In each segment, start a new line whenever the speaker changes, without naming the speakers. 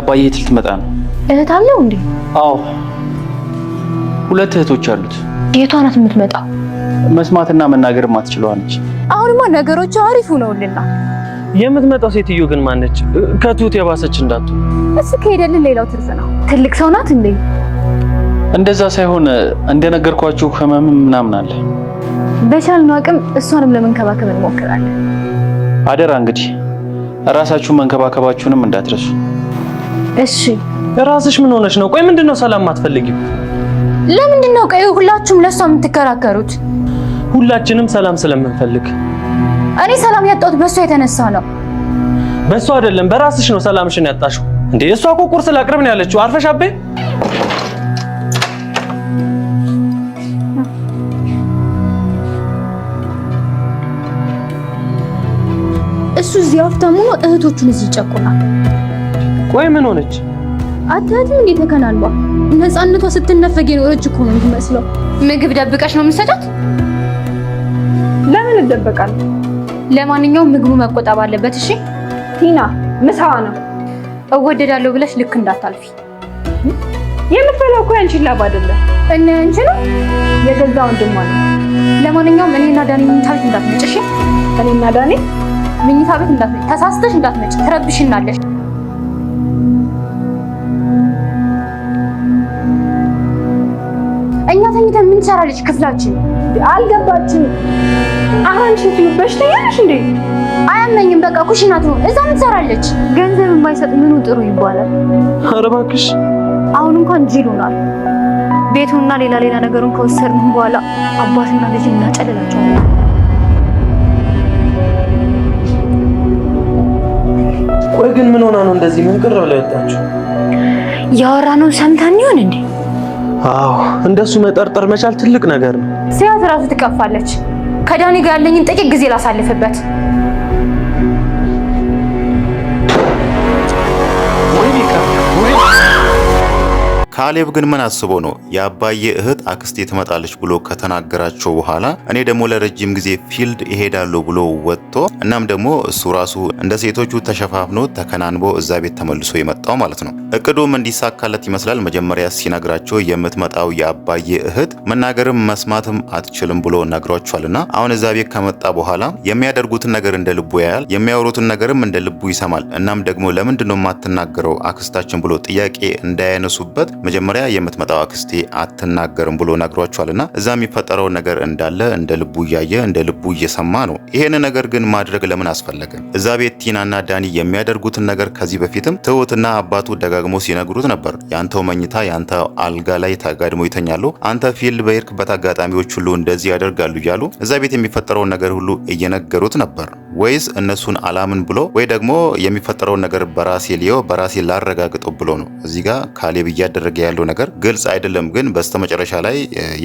አባዬ የት ልትመጣ ነው?
እህት አለው እንዴ?
አዎ ሁለት እህቶች አሉት።
የቷ ናት የምትመጣው?
መስማትና መናገር ማትችለዋ ነች።
አሁንማ ነገሮች አሪፍ ልና
የምትመጣው ሴትዮ ግን ማነች? ከትሁት የባሰች እንዳቱ።
እሱ ከሄደልን ሌላው ትርፍ ነው። ትልቅ ሰው ናት እንዴ?
እንደዛ ሳይሆን እንደነገርኳችሁ ህመም ምናምን አለ።
በቻልነው አቅም እሷንም ለመንከባከብ እንሞክራለን።
አደራ እንግዲህ እራሳችሁን መንከባከባችሁንም እንዳትረሱ። እሺ ራስሽ ምን ሆነሽ ነው? ቆይ ምንድነው ሰላም አትፈልጊው?
ለምንድነው ነው ቆይ ሁላችሁም ለሷ የምትከራከሩት?
ሁላችንም ሰላም ስለምንፈልግ።
እኔ ሰላም ያጣሁት በሷ የተነሳ ነው።
በሷ አይደለም፣ በራስሽ ነው ሰላምሽን ያጣሽው። እንዴ እሷ እኮ ቁርስ ላቅርብ ነው ያለችው። አርፈሽ አቤ
እሱ እዚህ ሀብታሙ ነው፣ እህቶቹን እዚህ ይጨቁናል።
ቆይ ምን ሆነች?
አታያትም እንዴ ተከናንባ? ነፃነቷ ስትነፈግ የኖረች እኮ ነው የምትመስለው። ምግብ ደብቀሽ ነው የምትሰጣት? ለምን እደበቃለሁ? ለማንኛውም ምግቡ መቆጠብ አለበት እሺ። ቲና ምሳዋ ነው። እወደዳለሁ ብለሽ ልክ እንዳታልፊ። የምትበላው እኮ ያንቺን ላብ አይደለም እና ያንቺ ነው የገዛ ወንድሟ ነው። ለማንኛውም እኔና ዳኒ መኝታ ቤት እንዳትመጭ እሺ። እኔና ዳኒ መኝታ ቤት እንዳትመጭ፣ ተሳስተሽ እንዳትመጭ፣ ትረብሽናለሽ። ትሰራለች ክፍላችን። አልገባችም። አሁን ሽቱ በሽተኛ ነሽ እንዴ? አያመኝም። በቃ ኩሽናቱ እዛ ምን ትሰራለች? ገንዘብ የማይሰጥ ምኑ ጥሩ ይባላል። ኧረ እባክሽ አሁን እንኳን ጅሉናል። ቤቱንና ሌላ ሌላ ነገሩን ከወሰድን በኋላ አባትና ልጅ እናጨልላቸው።
ቆይ ግን ምን ሆና ነው እንደዚህ ምን ቅር ብላ ያወጣችሁ?
ያወራነውን ሰምታን ይሆን እንዴ?
አዎ እንደሱ መጠርጠር መቻል ትልቅ ነገር ነው።
ሲያት ራሱ ትቀፋለች። ከዳኒ ጋር ያለኝን ጥቂት ጊዜ ላሳልፍበት
ካሌብ ግን ምን አስቦ ነው የአባዬ እህት አክስቴ ትመጣለች ብሎ ከተናገራቸው በኋላ እኔ ደግሞ ለረጅም ጊዜ ፊልድ ይሄዳሉ ብሎ ወጥቶ እናም ደግሞ እሱ ራሱ እንደ ሴቶቹ ተሸፋፍኖ ተከናንቦ እዛ ቤት ተመልሶ የመጣው ማለት ነው። እቅዱም እንዲሳካለት ይመስላል። መጀመሪያ ሲነግራቸው የምትመጣው የአባዬ እህት መናገርም መስማትም አትችልም ብሎ ነግሯቸዋልና አሁን እዛ ቤት ከመጣ በኋላ የሚያደርጉትን ነገር እንደ ልቡ ያያል፣ የሚያወሩትን ነገርም እንደ ልቡ ይሰማል። እናም ደግሞ ለምንድነው የማትናገረው አክስታችን ብሎ ጥያቄ እንዳያነሱበት መጀመሪያ የምትመጣው አክስቴ አትናገርም ብሎ ነግሯቸዋልና እዛ የሚፈጠረው ነገር እንዳለ እንደ ልቡ እያየ እንደ ልቡ እየሰማ ነው። ይሄን ነገር ግን ማድረግ ለምን አስፈለገ? እዛ ቤት ቲናና ዳኒ የሚያደርጉትን ነገር ከዚህ በፊትም ትሁትና አባቱ ደጋግሞ ሲነግሩት ነበር። ያንተው መኝታ ያንተ አልጋ ላይ ተጋድሞ ይተኛሉ፣ አንተ ፊልድ በሄድክበት አጋጣሚዎች ሁሉ እንደዚህ ያደርጋሉ እያሉ እዛ ቤት የሚፈጠረውን ነገር ሁሉ እየነገሩት ነበር። ወይስ እነሱን አላምን ብሎ ወይ ደግሞ የሚፈጠረውን ነገር በራሴ ሊየው በራሴ ላረጋግጠው ብሎ ነው እዚህ ጋር ካሌብ እያደረገ እያደረገ ያለው ነገር ግልጽ አይደለም፣ ግን በስተመጨረሻ ላይ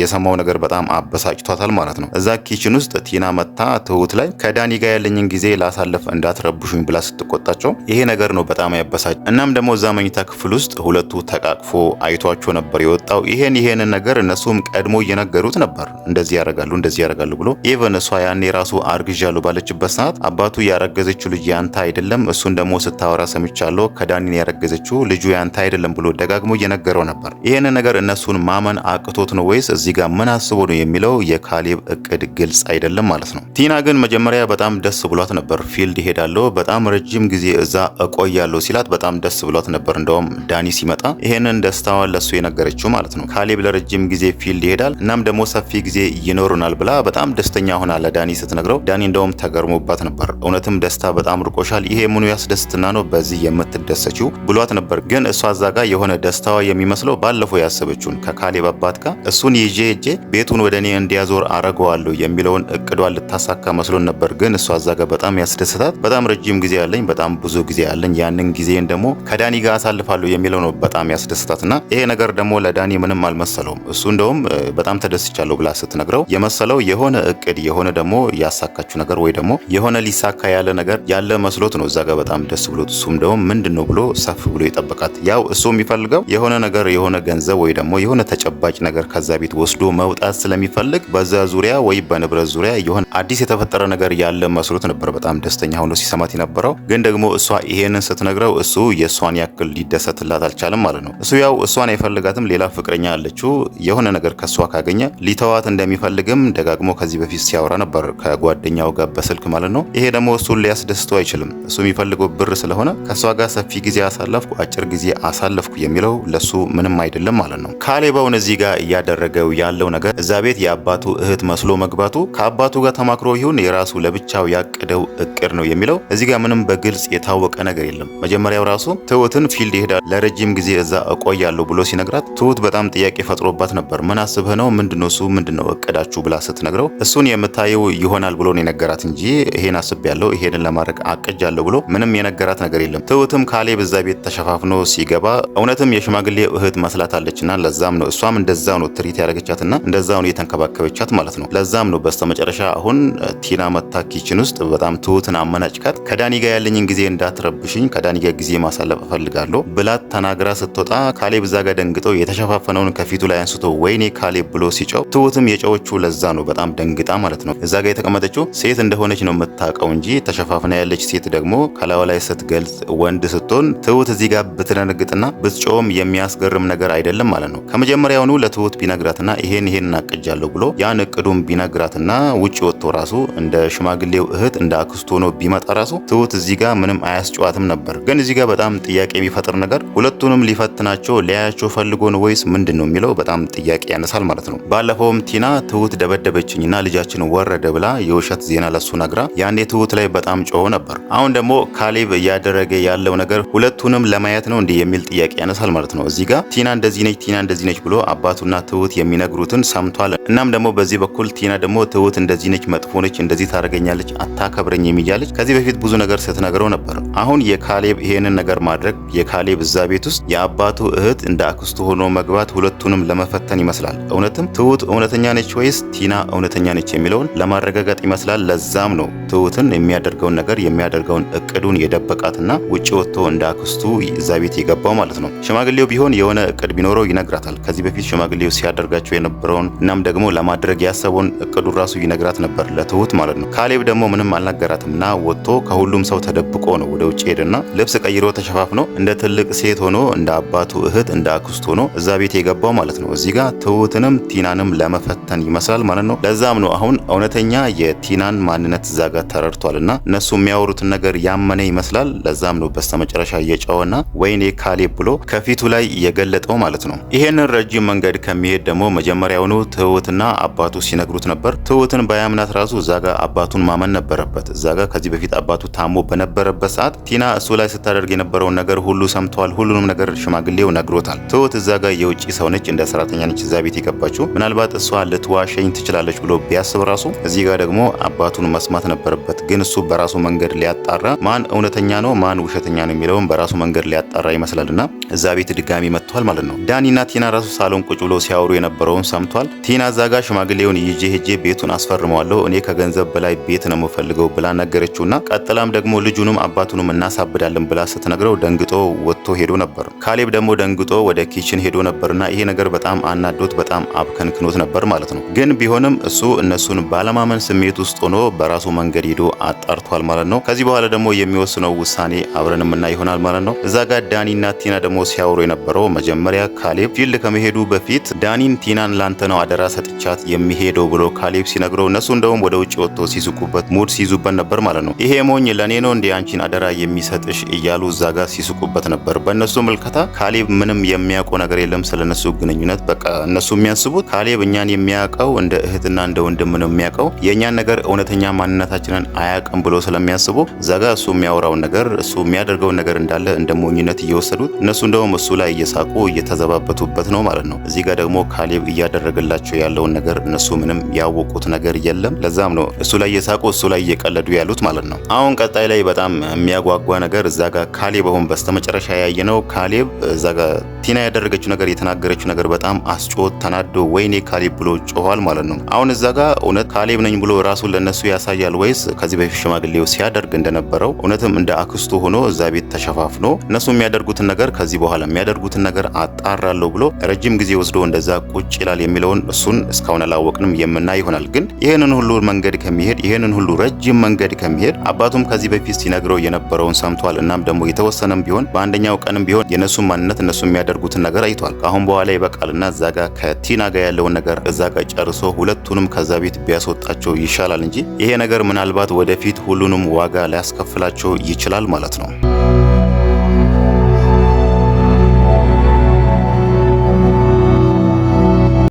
የሰማው ነገር በጣም አበሳጭቷታል ማለት ነው። እዛ ኪችን ውስጥ ቲና መታ ትሁት ላይ ከዳኒ ጋር ያለኝን ጊዜ ላሳለፍ እንዳትረብሹኝ ብላ ስትቆጣቸው ይሄ ነገር ነው በጣም ያበሳጭ። እናም ደግሞ እዛ መኝታ ክፍል ውስጥ ሁለቱ ተቃቅፎ አይቷቸው ነበር የወጣው። ይሄን ይሄንን ነገር እነሱም ቀድሞ እየነገሩት ነበር፣ እንደዚህ ያረጋሉ፣ እንደዚህ ያረጋሉ ብሎ ኢቨን እሷ ያኔ ራሱ አርግዣለሁ ባለችበት ሰዓት አባቱ ያረገዘችው ልጅ ያንተ አይደለም፣ እሱን ደግሞ ስታወራ ሰምቻለሁ፣ ከዳኒን ያረገዘችው ልጁ ያንተ አይደለም ብሎ ደጋግሞ እየነገረው ተናግረው ነበር። ይህን ነገር እነሱን ማመን አቅቶት ነው ወይስ እዚህ ጋር ምን አስቦ ነው የሚለው የካሌብ እቅድ ግልጽ አይደለም ማለት ነው። ቲና ግን መጀመሪያ በጣም ደስ ብሏት ነበር። ፊልድ ሄዳለሁ፣ በጣም ረጅም ጊዜ እዛ እቆያለሁ ሲላት በጣም ደስ ብሏት ነበር። እንደውም ዳኒ ሲመጣ ይህንን ደስታዋን ለሱ የነገረችው ማለት ነው። ካሌብ ለረጅም ጊዜ ፊልድ ይሄዳል፣ እናም ደግሞ ሰፊ ጊዜ ይኖሩናል ብላ በጣም ደስተኛ ሆና ለዳኒ ስትነግረው ዳኒ እንደውም ተገርሞባት ነበር። እውነትም ደስታ በጣም ርቆሻል፣ ይሄ ምኑ ያስደስትና ነው በዚህ የምትደሰችው ብሏት ነበር። ግን እሷ እዛ የሆነ ደስታዋ የሚ የሚመስለው ባለፈው ያሰበችውን ከካሌብ አባት ጋር እሱን ይዤ እጄ ቤቱን ወደ እኔ እንዲያዞር አረገዋለሁ የሚለውን እቅዷን ልታሳካ መስሎን ነበር። ግን እሷ አዛጋ በጣም ያስደስታት በጣም ረጅም ጊዜ ያለኝ በጣም ብዙ ጊዜ ያለኝ ያንን ጊዜን ደግሞ ከዳኒ ጋር አሳልፋለሁ የሚለው ነው በጣም ያስደስታት እና ይሄ ነገር ደግሞ ለዳኒ ምንም አልመሰለውም። እሱ እንደውም በጣም ተደስቻለሁ ብላ ስትነግረው የመሰለው የሆነ እቅድ የሆነ ደግሞ ያሳካችው ነገር ወይ ደግሞ የሆነ ሊሳካ ያለ ነገር ያለ መስሎት ነው እዛ ጋር በጣም ደስ ብሎት እሱም ደግሞ ምንድን ነው ብሎ ሰፍ ብሎ ይጠብቃት ያው እሱ የሚፈልገው የሆነ ነገር ነገር የሆነ ገንዘብ ወይ ደግሞ የሆነ ተጨባጭ ነገር ከዛ ቤት ወስዶ መውጣት ስለሚፈልግ በዛ ዙሪያ ወይ በንብረት ዙሪያ የሆነ አዲስ የተፈጠረ ነገር ያለ መስሎት ነበር በጣም ደስተኛ ሆኖ ሲሰማት የነበረው። ግን ደግሞ እሷ ይሄንን ስትነግረው እሱ የእሷን ያክል ሊደሰትላት አልቻለም ማለት ነው። እሱ ያው እሷን አይፈልጋትም፣ ሌላ ፍቅረኛ አለችው። የሆነ ነገር ከእሷ ካገኘ ሊተዋት እንደሚፈልግም ደጋግሞ ከዚህ በፊት ሲያወራ ነበር ከጓደኛው ጋር በስልክ ማለት ነው። ይሄ ደግሞ እሱን ሊያስደስተው አይችልም። እሱ የሚፈልገው ብር ስለሆነ ከእሷ ጋር ሰፊ ጊዜ አሳለፍኩ፣ አጭር ጊዜ አሳለፍኩ የሚለው ለሱ ምንም አይደለም ማለት ነው። ካሌባውን እዚህ ጋር እያደረገው ያለው ነገር እዛ ቤት የአባቱ እህት መስሎ መግባቱ ከአባቱ ጋር ተማክሮ ይሁን የራሱ ለብቻው ያቀደው እቅድ ነው የሚለው እዚህ ጋር ምንም በግልጽ የታወቀ ነገር የለም። መጀመሪያው ራሱ ትሁትን ፊልድ ይሄዳል ለረጅም ጊዜ እዛ እቆያለሁ ብሎ ሲነግራት ትሁት በጣም ጥያቄ ፈጥሮባት ነበር። ምን አስብህ ነው? ምንድነው እሱ ምንድነው እቅዳችሁ ብላ ስትነግረው እሱን የምታየው ይሆናል ብሎ ነው የነገራት እንጂ ይሄን አስቤያለሁ ይሄንን ለማድረግ አቅጃለሁ ብሎ ምንም የነገራት ነገር የለም። ትሁትም ካሌብ እዛ ቤት ተሸፋፍኖ ሲገባ እውነትም የሽማግሌ እህት መስላታለችና ለዛም ነው እሷም እንደዛው ነው ትሪት ያደረገቻትና እንደዛው ነው የተንከባከበቻት ማለት ነው። ለዛም ነው በስተመጨረሻ አሁን ቲና መታ ኪችን ውስጥ በጣም ትሁትን አመናጭካት ከዳኒ ጋር ያለኝን ጊዜ እንዳትረብሽኝ ከዳኒ ጋር ጊዜ ማሳለፍ እፈልጋለሁ ብላት ተናግራ ስትወጣ ካሌብ እዛ ጋር ደንግጦ የተሸፋፈነውን ከፊቱ ላይ አንስቶ ወይኔ ካሌብ ብሎ ሲጨው ትሁትም የጨዎቹ ለዛ ነው በጣም ደንግጣ ማለት ነው። እዛ ጋር የተቀመጠችው ሴት እንደሆነች ነው የምታውቀው እንጂ ተሸፋፍና ያለች ሴት ደግሞ ከላዩ ላይ ስትገልጽ ወንድ ስትሆን ትሁት እዚህ ጋር ብትደነግጥና ብትጮውም የሚያስገ የሚያስገርም ነገር አይደለም ማለት ነው። ከመጀመሪያውኑ ለትሁት ቢነግራትና ይሄን ይሄን እናቅጃለሁ ብሎ ያን እቅዱን ቢነግራትና ውጭ ወጥቶ ራሱ እንደ ሽማግሌው እህት እንደ አክስቶ ሆኖ ቢመጣ ራሱ ትሁት እዚህ ጋር ምንም አያስጨዋትም ነበር። ግን እዚህ ጋር በጣም ጥያቄ የሚፈጥር ነገር ሁለቱንም ሊፈትናቸው ሊያያቸው ፈልጎ ነው ወይስ ምንድን ነው የሚለው በጣም ጥያቄ ያነሳል ማለት ነው። ባለፈውም ቲና ትሁት ደበደበችኝና ልጃችን ወረደ ብላ የውሸት ዜና ለሱ ነግራ ያኔ ትሁት ላይ በጣም ጮሆ ነበር። አሁን ደግሞ ካሌብ እያደረገ ያለው ነገር ሁለቱንም ለማየት ነው እንዲህ የሚል ጥያቄ ያነሳል ማለት ነው። እዚህ ቲና እንደዚህ ነች፣ ቲና እንደዚህ ነች ብሎ አባቱና ትሁት የሚነግሩትን ሰምቷል። እናም ደግሞ በዚህ በኩል ቲና ደግሞ ትሁት እንደዚህ ነች፣ መጥፎ ነች፣ እንደዚህ ታደርገኛለች፣ አታከብረኝ የሚያለች ከዚህ በፊት ብዙ ነገር ስትነግረው ነበር። አሁን የካሌብ ይሄንን ነገር ማድረግ የካሌብ እዛ ቤት ውስጥ የአባቱ እህት እንደ አክስቱ ሆኖ መግባት ሁለቱንም ለመፈተን ይመስላል። እውነትም ትሁት እውነተኛ ነች ወይስ ቲና እውነተኛ ነች የሚለውን ለማረጋገጥ ይመስላል። ለዛም ነው ትሁትን የሚያደርገውን ነገር የሚያደርገውን እቅዱን የደበቃትና ውጭ ወጥቶ እንደ አክስቱ እዛ ቤት የገባው ማለት ነው። ሽማግሌው ቢሆን የሆነ እቅድ ቢኖረው ይነግራታል። ከዚህ በፊት ሽማግሌው ሲያደርጋቸው የነበረውን እናም ደግሞ ለማድረግ ያሰበውን እቅዱ ራሱ ይነግራት ነበር፣ ለትሁት ማለት ነው። ካሌብ ደግሞ ምንም አልነገራትም እና ወጥቶ ከሁሉም ሰው ተደብቆ ነው ወደ ውጭ ሄደና ልብስ ቀይሮ ተሸፋፍኖ እንደ ትልቅ ሴት ሆኖ እንደ አባቱ እህት እንደ አክስቱ ሆኖ እዛ ቤት የገባው ማለት ነው። እዚህ ጋር ትሁትንም ቲናንም ለመፈተን ይመስላል ማለት ነው። ለዛም ነው አሁን እውነተኛ የቲናን ማንነት እዛ ጋር ተረድቷል እና እነሱ የሚያወሩትን ነገር ያመነ ይመስላል። ለዛም ነው በስተመጨረሻ እየጨወና ወይኔ ካሌብ ብሎ ከፊቱ ላይ የገለጠው ማለት ነው። ይሄንን ረጅም መንገድ ከሚሄድ ደግሞ መጀመሪያውኑ ትሁትና አባቱ ሲነግሩት ነበር። ትሁትን ባያምናት ራሱ እዛጋ አባቱን ማመን ነበረበት። እዛጋ ከዚህ በፊት አባቱ ታሞ በነበረበት ሰዓት ቲና እሱ ላይ ስታደርግ የነበረውን ነገር ሁሉ ሰምተዋል። ሁሉንም ነገር ሽማግሌው ነግሮታል። ትሁት እዛ ጋ የውጭ ሰው ነች፣ እንደ ሰራተኛ ነች እዛ ቤት የገባችው። ምናልባት እሷ ልትዋሸኝ ትችላለች ብሎ ቢያስብ ራሱ እዚህ ጋር ደግሞ አባቱን መስማት ነበረበት። ግን እሱ በራሱ መንገድ ሊያጣራ ማን እውነተኛ ነው ማን ውሸተኛ ነው የሚለውን በራሱ መንገድ ሊያጣራ ይመስላልና እዛ ቤት ድጋሚ መጥቷል ማለት ነው። ዳኒና ቲና ራሱ ሳሎን ቁጭ ብሎ ሲያወሩ የነበረውን ሰምቷል። ቲና አዛጋ ሽማግሌውን ይዤ ሄጄ ቤቱን አስፈርመዋለሁ እኔ ከገንዘብ በላይ ቤት ነው የምፈልገው ብላ ነገረችውና ቀጥላም ደግሞ ልጁንም አባቱንም እናሳብዳለን ብላ ስትነግረው ደንግጦ ወጥቶ ሄዶ ነበር። ካሌብ ደግሞ ደንግጦ ወደ ኪችን ሄዶ ነበርና ይሄ ነገር በጣም አናዶት በጣም አብከንክኖት ነበር ማለት ነው። ግን ቢሆንም እሱ እነሱን ባለማመን ስሜት ውስጥ ሆኖ በራሱ መንገድ ሄዶ አጣርቷል ማለት ነው። ከዚህ በኋላ ደግሞ የሚወስነው ውሳኔ አብረን ይሆናል ማለት ነው። እዛ ጋር ዳኒና ቲና ደግሞ ሲያወሩ የነበረው መጀመሪያ ካሌብ ፊልድ ከመሄዱ በፊት ዳኒን ቲናን ላንተ ነው አደራ ሰጥቻት የሚሄደው ብሎ ካሌብ ሲነግረው እነሱ እንደውም ወደ ውጭ ወጥቶ ሲስቁበት ሙድ ሲይዙበት ነበር ማለት ነው። ይሄ ሞኝ ለእኔ ነው እንዲ አንቺን አደራ የሚሰጥሽ እያሉ እዛ ጋር ሲስቁበት ነበር። በእነሱ ምልከታ ካሌብ ምንም የሚያውቀው ነገር የለም ስለነሱ ግንኙነት። በቃ እነሱ የሚያስቡት ካሌብ እኛን የሚያውቀው እንደ እህትና እንደ ወንድም ነው የሚያውቀው የእኛን ነገር እውነተኛ ማንነታችንን አያውቅም ብሎ ስለሚያስቡ እዛ ጋር እሱ የሚያወራውን ነገር እሱ የሚያደርገውን ነገር እንዳለ እንደ ሞኝነት እየወሰዱት እነሱ እንደውም እሱ ላይ እየሳ እየሳቁ እየተዘባበቱበት ነው ማለት ነው። እዚህ ጋር ደግሞ ካሌብ እያደረገላቸው ያለውን ነገር እነሱ ምንም ያወቁት ነገር የለም። ለዛም ነው እሱ ላይ እየሳቁ እሱ ላይ እየቀለዱ ያሉት ማለት ነው። አሁን ቀጣይ ላይ በጣም የሚያጓጓ ነገር እዛ ጋር ካሌብ አሁን በስተመጨረሻ ያየ ነው። ካሌብ እዛ ጋር ቲና ያደረገችው ነገር የተናገረችው ነገር በጣም አስጮት ተናዶ ወይኔ ካሌብ ብሎ ጮኋል ማለት ነው። አሁን እዛ ጋ እውነት ካሌብ ነኝ ብሎ ራሱን ለነሱ ያሳያል ወይስ ከዚህ በፊት ሽማግሌው ሲያደርግ እንደነበረው እውነትም እንደ አክስቱ ሆኖ እዛ ቤት ተሸፋፍኖ እነሱ የሚያደርጉትን ነገር ከዚህ በኋላ የሚያደርጉትን ነገር አጣራለሁ ብሎ ረጅም ጊዜ ወስዶ እንደዛ ቁጭ ይላል የሚለውን እሱን እስካሁን አላወቅንም፣ የምናይ ይሆናል። ግን ይህንን ሁሉ መንገድ ከሚሄድ ይህንን ሁሉ ረጅም መንገድ ከሚሄድ አባቱም ከዚህ በፊት ሲነግረው የነበረውን ሰምቷል። እናም ደግሞ የተወሰነም ቢሆን በአንደኛው ቀንም ቢሆን የነሱ ማንነት እነሱ የሚያደርጉ የሚያደርጉትን ነገር አይቷል። ከአሁን በኋላ ይበቃልና እዛ ጋ ከቲና ጋ ያለውን ነገር እዛ ጋ ጨርሶ ሁለቱንም ከዛ ቤት ቢያስወጣቸው ይሻላል እንጂ ይሄ ነገር ምናልባት ወደፊት ሁሉንም ዋጋ ሊያስከፍላቸው ይችላል ማለት ነው።